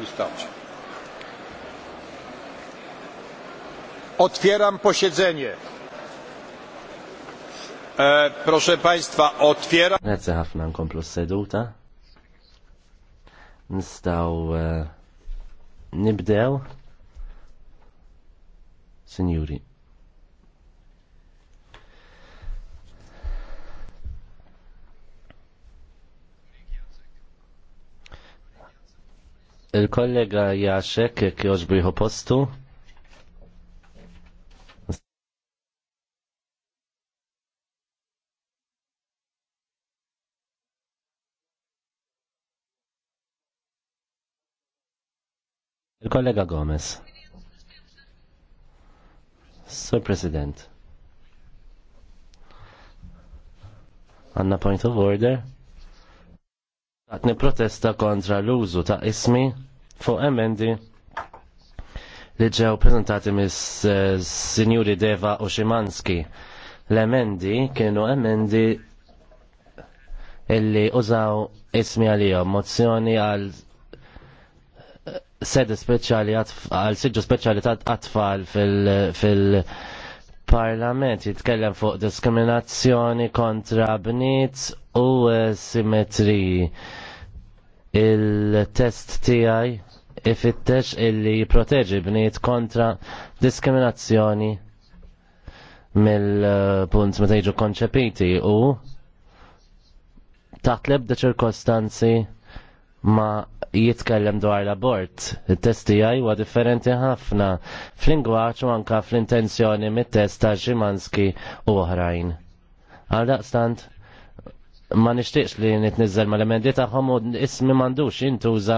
wystarczy. E, otwieram posiedzenie. E, proszę Państwa, otwieram... Grazie ħafna komplus seduta Nstał e, Nibdeł. Signori. Il-kollega Jaxek kjoġ biħu postu. Il-kollega Gomez. Sir President. Anna point of order. Għatni protesta kontra l-użu ta' ismi fuq emendi li ġew prezentati mis eh, Sinjuri Deva Oshimanski. L-emendi kienu emendi illi użaw ismi għalijom, mozzjoni għal eh, sede speċjali għal siġu speċjali ta' għatfall fil-parlament jitkellem fuq diskriminazzjoni kontra bnit u eh, simetri il-test tiegħi ifittex illi jipproteġi bniet kontra diskriminazzjoni mill-punt meta jiġu konċepiti u taħt lebda ċirkostanzi ma jitkellem dwar l-abort. Il-test tijaj huwa differenti ħafna fl-lingwaċ u anka fl-intenzjoni mit-test ta' ġimanski u oħrajn. Għal daqstant, ma nishtiqx li nitnizzel l emendi taħħom u ismi m'għandux jintuża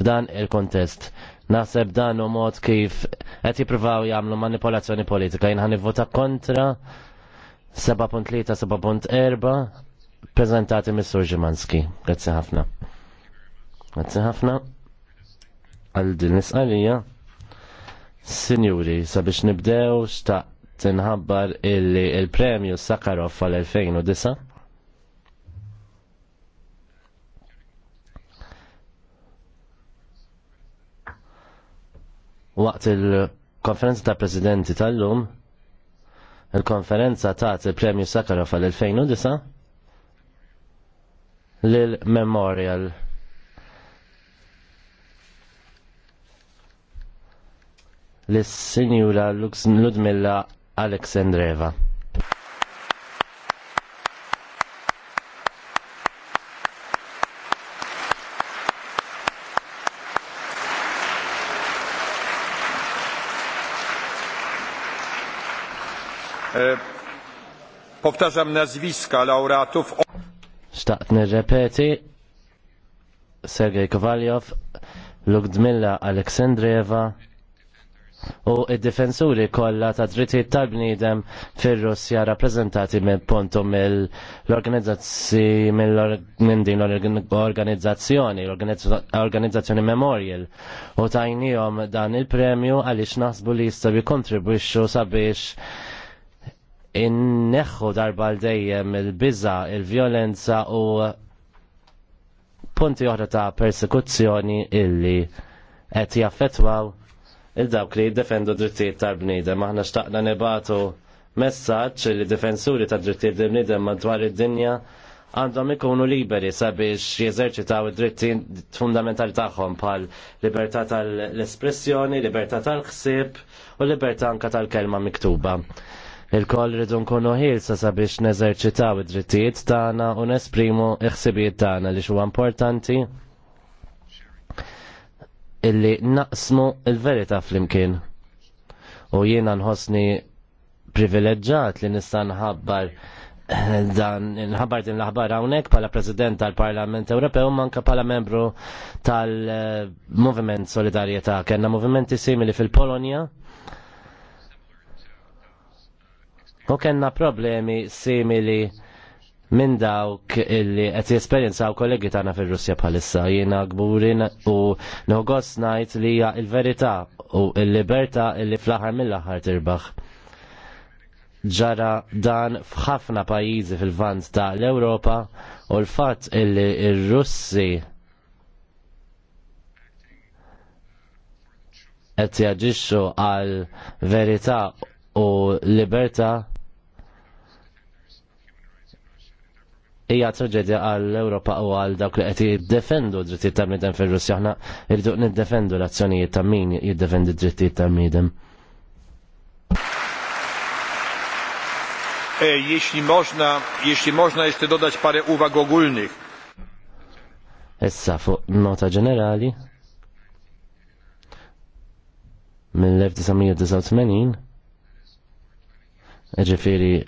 f'dan il-kontest. Naħseb dan u mod kif qed jippruvaw jagħmlu manipolazzjoni politika jien ħanivvota kontra 7.3 7.4 prezentati mis-Sur Ġimanski. Grazzi ħafna. Grazzi ħafna għal din isqalija. Sinjuri, sabiex nibdew xtaq tinħabbar il-premju Sakharov għal 2009 Waqt il-konferenza ta' presidenti tal-lum, il-konferenza ta' il-premju Sakharov għal-2009 l memorial l-Sinjura Ludmilla Aleksandreva. Powtarzam nazwiska laureatów. Xtaqt nirrepeti Sergej Kovaljow, Lugdmilla Aleksandrieva u id-difensuri kollha ta' dritti tal-bniedem fir-Russja rappreżentati mill pontu mill-organizzazzjoni mill din l-organizzazzjoni, l-organizzazzjoni Memorial u tajnijom dan il-premju għaliex naħsbu li jistgħu jikkontribwixxu sabiex inneħħu darba l-dejjem il-biża, il-violenza u punti oħra ta' persekuzzjoni illi qed jaffetwaw il-dawk li jiddefendu drittijiet tal-bniedem. Aħna xtaqna nibatu messaġġ li difensuri ta' drittijiet tal-bniedem madwar id-dinja għandhom ikunu liberi sabiex jeżerċitaw id-dritti fundamentali tagħhom bħal libertà tal-espressjoni, libertà tal-ħsieb u libertà anka tal-kelma miktuba. Il-koll rridu nkunu ħilsa sabiex neżerċitaw id-drittijiet tagħna u nesprimu ħsibijiet tagħna li huwa importanti illi naqsmu il-verità flimkien. U jiena nħossni privileġġat li nista' nħabbar dan nħabbar din l-aħbar hawnhekk bħala President tal-Parlament Ewropew manka bħala membru tal-Moviment Solidarjetà. Kenna movimenti simili fil-Polonja U kena problemi simili minn dawk illi qed jesperjenzaw kollegi tagħna fir-Russja bħalissa jiena gburin u nogos ngħid li hija l-verità u l-libertà illi fl-aħħar mill-aħħar tirbaħ. Ġara dan f'ħafna pajjiżi fil-vant ta' l-Ewropa u l-fatt illi r-Russi qed jaġixxu għal verità u libertà hija traġedja għall europa u għal dawk li qed jiddefendu d-drittijiet ta' miedem fir-Russja aħna irridu niddefendu l-azzjonijiet ta' min jiddefendi d-drittijiet ta' miedem. E, jeśli można, jeśli można jeszcze dodać parę uwag ogólnych. Issa fu nota ġenerali mill-1989 ġifiri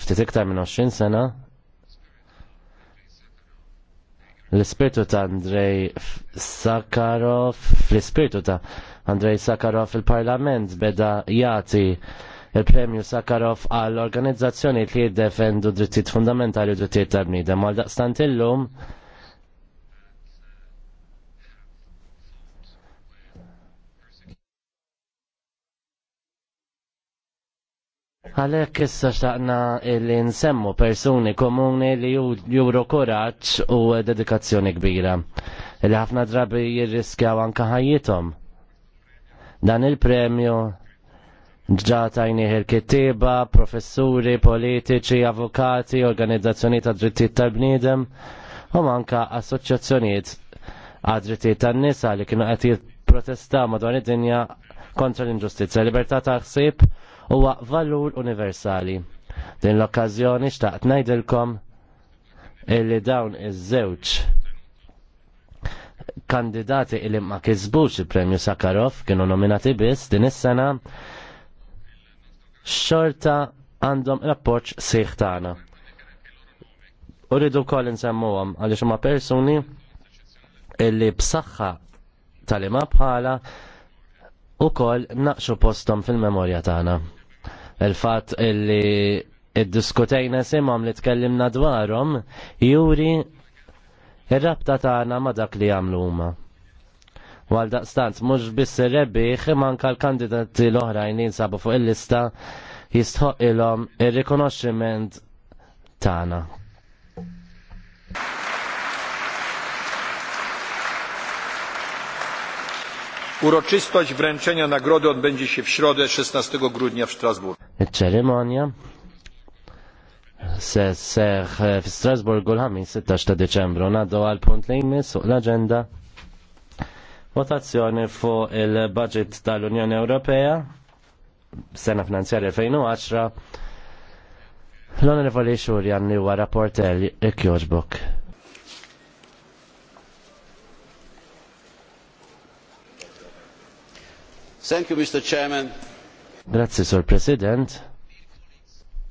ftit iktar minn 20 sena l-ispirtu ta' Andrej Sakarov, fl-ispirtu ta' Andrej Sakarov il-Parlament beda jati il-premju Sakarov għall organizzazzjoni li jiddefendu drittijiet fundamentali u drittijiet tal-bnidem. Għal daqstant illum, Għalhekk issa xtaqna li nsemmu persuni komuni li juru kuraġġ u dedikazzjoni kbira li ħafna drabi jirriskjaw anke ħajjithom. Dan il-premju ġatajni il-kittiba, professuri, politiċi, avukati, organizzazzjoni ta' drittijiet tal-bniedem u manka assoċjazzjonijiet għad drittijiet tan-nisa li kienu qed protesta madwar id-dinja kontra l-inġustizja. Libertà ta' ħsieb huwa valur universali. Din l-okkażjoni xtaqt ngħidilkom illi dawn iż-żewġ kandidati illi ma kisbux il-Premju Sakharov kienu nominati biss din is-sena xorta għandhom l sieħ tagħna. Uridu wkoll insemmuhom għaliex huma persuni illi b'saħħa tal-ima bħala u kol naqxu postom fil-memorja tagħna. Il-fat illi id-diskutejna simam li tkellimna dwarhom juri ir-rabta tagħna ma dak li għamlu huma. Għal daqstant, mux biss rebbieħ, ximan l-kandidati l-oħrajn jinsabu fuq il-lista jistħoq il-om ir-rikonoxximent tagħna. Uroczystość wręczenia nagrody odbędzie się w środę 16 grudnia w Strasburgu. Ceremonia se seħ fi Strasburgu l-ħamis 16 ta' Deċembru naddu għal punt li jmiss fuq l-agenda votazzjoni fuq il-budget tal-Unjoni Ewropea sena finanzjarja 2010 l-onorevoli xurjan li huwa rapporter Ekjoġbok. Thank you, Mr. Chairman. Grazie, Sir President.